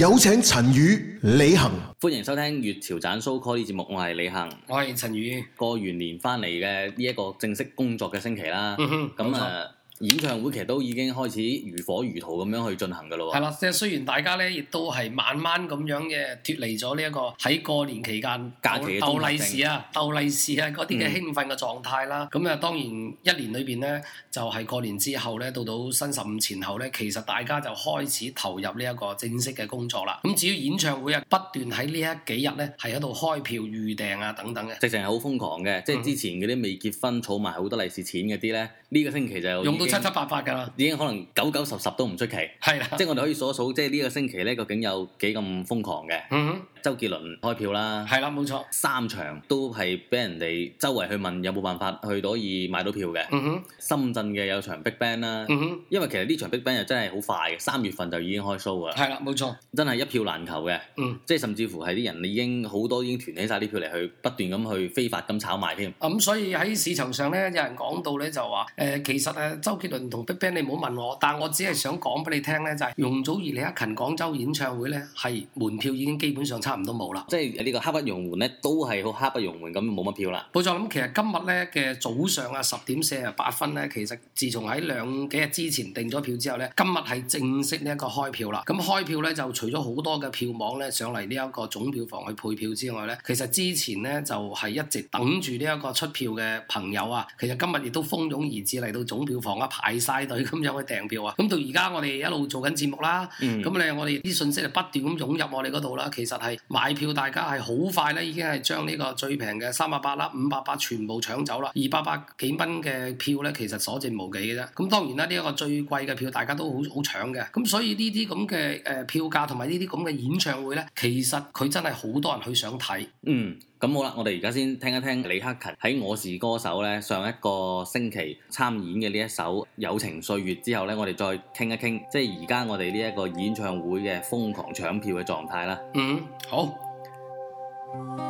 有請陳宇、李恒，歡迎收聽《粵潮盞 show call》呢節目，我係李恒，我係陳宇，過完年返嚟嘅呢一個正式工作嘅星期啦，咁、嗯、誒。演唱會其實都已經開始如火如荼咁樣去進行㗎咯喎。係啦，即係雖然大家咧亦都係慢慢咁樣嘅脱離咗呢一個喺過年期間鬥利是啊、鬥、嗯、利是啊嗰啲嘅興奮嘅狀態啦。咁、嗯、啊，就當然一年裏邊咧就係、是、過年之後咧，到到新十五前後咧，其實大家就開始投入呢一個正式嘅工作啦。咁至於演唱會啊，不斷喺呢一幾日咧係喺度開票預訂啊等等嘅，直情係好瘋狂嘅。即係之前嗰啲未結婚儲埋好多利是錢嗰啲咧，呢、這個星期就用到。七七八八㗎啦，已經可能九九十十都唔出奇。係啦，即係我哋可以所數，數，即係呢個星期究竟有幾咁瘋狂嘅？嗯哼。周杰倫開票啦，係啦，冇錯，三場都係俾人哋周圍去問有冇辦法去到以買到票嘅。嗯哼，深圳嘅有一場 BigBang 啦，嗯哼，因為其實呢場 BigBang 又真係好快嘅，三月份就已經開 show 㗎。係啦，冇錯，真係一票難求嘅。嗯，即係甚至乎係啲人已經好多已經團起晒啲票嚟去不斷咁去非法咁炒賣添。咁、嗯、所以喺市場上咧，有人講到咧就話誒、呃，其實誒周杰倫同 BigBang 你唔好問我，但我只係想講俾你聽、就、咧、是，就係容祖兒、李克勤廣州演唱會咧，係門票已經基本上，差唔多冇啦，即係呢個刻不容緩咧，都係好刻不容緩咁冇乜票啦。冇錯，咁其實今日咧嘅早上啊，十點四十八分咧，其實自從喺兩幾日之前訂咗票之後咧，今日係正式呢一個開票啦。咁開票咧就除咗好多嘅票網咧上嚟呢一個總票房去配票之外咧，其實之前咧就係一直等住呢一個出票嘅朋友啊，其實今日亦都蜂擁而至嚟到總票房啊排晒隊咁樣去訂票啊。咁到而家我哋一路做緊節目啦，咁咧我哋啲信息就不斷咁湧入我哋嗰度啦。其實係。買票大家係好快咧，已經係將呢個最平嘅三百八啦、五百八全部搶走啦，二百八幾蚊嘅票咧，其實所剩無幾嘅啦。咁當然啦，呢一個最貴嘅票大家都好好搶嘅，咁所以呢啲咁嘅誒票價同埋呢啲咁嘅演唱會咧，其實佢真係好多人去想睇，嗯。咁好啦，我哋而家先聽一聽李克勤喺《我是歌手》呢上一個星期參演嘅呢一首《友情歲月》之後呢，我哋再傾一傾，即係而家我哋呢一個演唱會嘅瘋狂搶票嘅狀態啦。嗯，好。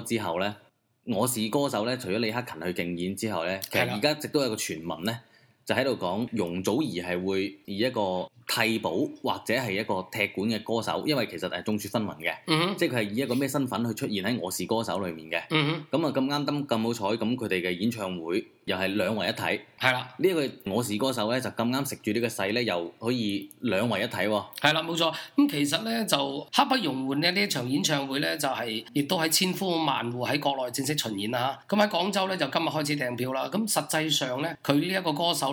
之後咧，我是歌手咧，除咗李克勤去競演之後咧，其實而家一直都有一個傳聞咧。就喺度講容祖兒係會以一個替補或者係一個踢館嘅歌手，因為其實係眾説紛紜嘅、嗯，即係佢係以一個咩身份去出現喺《我是歌手裡面的》裏面嘅。咁啊咁啱得咁好彩，咁佢哋嘅演唱會又係兩為一體。係啦，呢、這、一個《我是歌手》呢咧就咁啱食住呢個勢咧，又可以兩為一體、哦。係啦，冇錯。咁、嗯、其實咧就刻不容緩嘅呢一場演唱會咧就係、是、亦都係千呼萬喚喺國內正式巡演啦嚇。咁喺廣州咧就今日開始訂票啦。咁實際上咧佢呢一個歌手。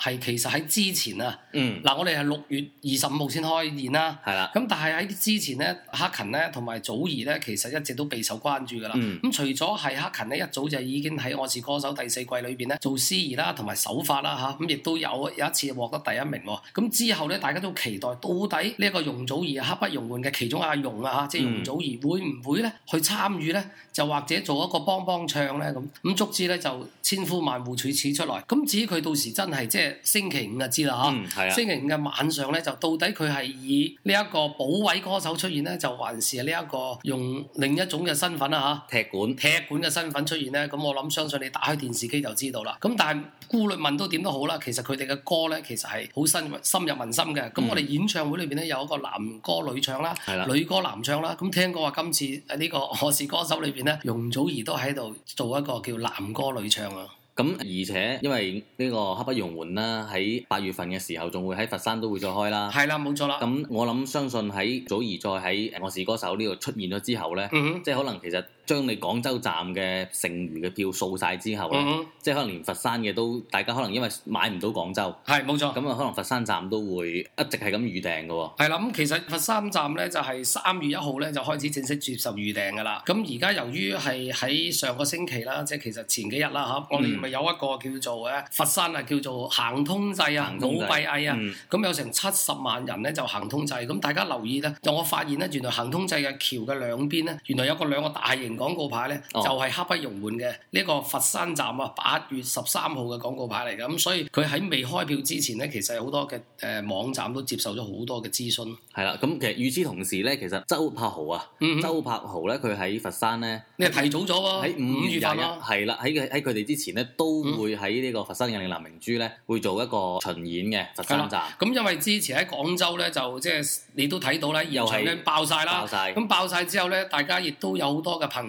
係其實喺之前啊，嗱我哋係六月二十五號先開演啦，係啦、啊。咁但係喺之前咧，克勤咧同埋祖兒咧，其實一直都備受關注噶啦。咁、嗯嗯、除咗係克勤咧，一早就已經喺我是歌手第四季裏邊咧做司儀啦、啊，同埋首發啦嚇，咁、啊、亦都有有一次獲得第一名、啊。咁、啊、之後咧，大家都期待到底呢一個容祖兒，克不容緩嘅其中阿容啊嚇、啊啊，即係容祖兒會唔會咧去參與咧？就或者做一個幫幫唱咧咁，咁足之咧就千呼萬喚始，始出來。咁至於佢到時真係即係。星期五就知啦，嗬、嗯啊！星期五嘅晚上咧，就到底佢係以呢一個補位歌手出現咧，就還是呢一個用另一種嘅身份啦，吓、啊？踢館踢館嘅身份出現咧，咁我諗相信你打開電視機就知道啦。咁但係顧慮問都點都好啦，其實佢哋嘅歌咧，其實係好深入深入民心嘅。咁我哋演唱會裏邊咧，有一個男歌女唱啦、啊，女歌男唱啦。咁聽過話今次喺呢、這個我是歌手裏邊咧，容祖兒都喺度做一個叫男歌女唱啊。咁而且因為呢個克不容緩啦，喺八月份嘅時候仲會喺佛山都會再開啦。係啦，冇錯啦。咁我諗相信喺祖兒再喺《我是歌手》呢度出現咗之後咧，即、嗯、係、就是、可能其實。將你廣州站嘅剩餘嘅票掃晒之後咧，嗯，即係可能連佛山嘅都，大家可能因為買唔到廣州，係冇錯，咁啊可能佛山站都會一直係咁預訂嘅喎。係啦，咁其實佛山站咧就係三月一號咧就開始正式接受預訂㗎啦。咁而家由於係喺上個星期啦，即係其實前幾日啦嚇，我哋咪有一個叫做嘅佛山啊叫做行通濟啊，老閉翳啊，咁、嗯、有成七十萬人咧就行通濟，咁大家留意咧，就我發現咧原來行通濟嘅橋嘅兩邊咧原來有個兩個大型。廣告牌咧、哦、就係、是、刻不容緩嘅呢個個佛山站啊，八月十三號嘅廣告牌嚟嘅。咁所以佢喺未開票之前咧，其實好多嘅誒、呃、網站都接受咗好多嘅諮詢。係啦，咁其實與此同時咧，其實周柏豪啊，嗯、周柏豪咧佢喺佛山咧、嗯，你係提早咗喎，喺五月份係、啊、啦，喺喺佢哋之前咧都會喺呢個佛山嘅嶺南明珠咧會做一個巡演嘅佛山站。咁因為之前喺廣州咧就即係、就是、你都睇到咧又係爆晒啦，咁爆晒之後咧，大家亦都有好多嘅朋友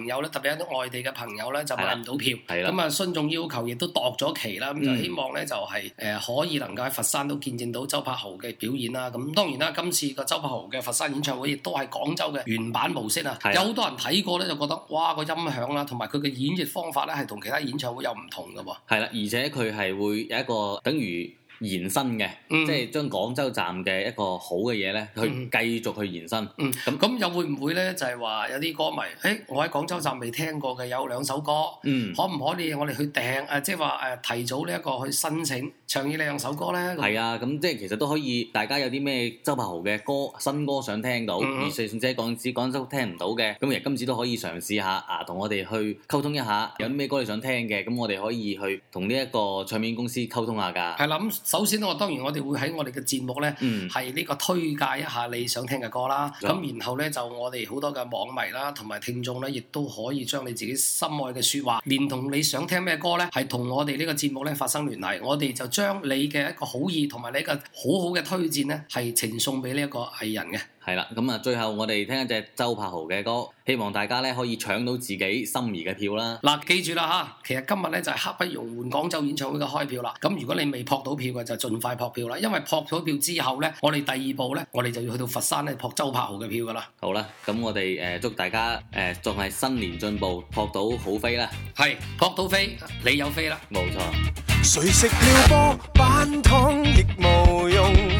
特外地的朋友咧，特別啲外地嘅朋友咧，就買唔到票。係啦，咁啊，循眾要求亦都度咗期啦。咁、嗯、就希望咧，就係誒可以能夠喺佛山都見證到周柏豪嘅表演啦。咁當然啦，今次個周柏豪嘅佛山演唱會亦都係廣州嘅原版模式啊。係，有好多人睇過咧，就覺得哇，個音響啦，同埋佢嘅演繹方法咧，係同其他演唱會有唔同嘅喎。係啦，而且佢係會有一個等於。延伸嘅、嗯，即係將廣州站嘅一個好嘅嘢咧，去繼續去延伸。咁、嗯、咁又會唔會咧？就係、是、話有啲歌迷，誒、欸，我喺廣州站未聽過嘅有兩首歌，嗯、可唔可以我哋去訂？啊、即係話提早呢一個去申請，唱呢兩首歌咧？係、嗯、啊，咁即係其實都可以，大家有啲咩周柏豪嘅歌新歌想聽到，嗯、而甚至喺廣州廣州聽唔到嘅，咁其實今次都可以嘗試下啊，同我哋去溝通一下，嗯、有啲咩歌你想聽嘅，咁我哋可以去同呢一個唱片公司溝通下㗎。係諗。首先，我當然我哋會喺我哋嘅節目咧，係、嗯、呢個推介一下你想聽嘅歌啦。咁、嗯、然後呢，就我哋好多嘅網迷啦，同埋聽眾呢，亦都可以將你自己心愛嘅說話，連同你想聽咩歌呢，係同我哋呢個節目呢發生聯繫。我哋就將你嘅一個好意，同埋你一個好好嘅推薦呢，係呈送俾呢一個藝人嘅。係啦，咁啊，最後我哋聽一隻周柏豪嘅歌，希望大家咧可以搶到自己心儀嘅票啦。嗱，記住啦吓，其實今日咧就係刻不容緩廣州演唱會嘅開票啦。咁如果你未撲到票嘅，就盡快撲票啦。因為撲咗票之後咧，我哋第二步咧，我哋就要去到佛山咧撲周柏豪嘅票噶啦。好啦，咁我哋誒祝大家誒仲係新年進步，撲到好飛啦。係撲到飛，你有飛啦。冇錯。誰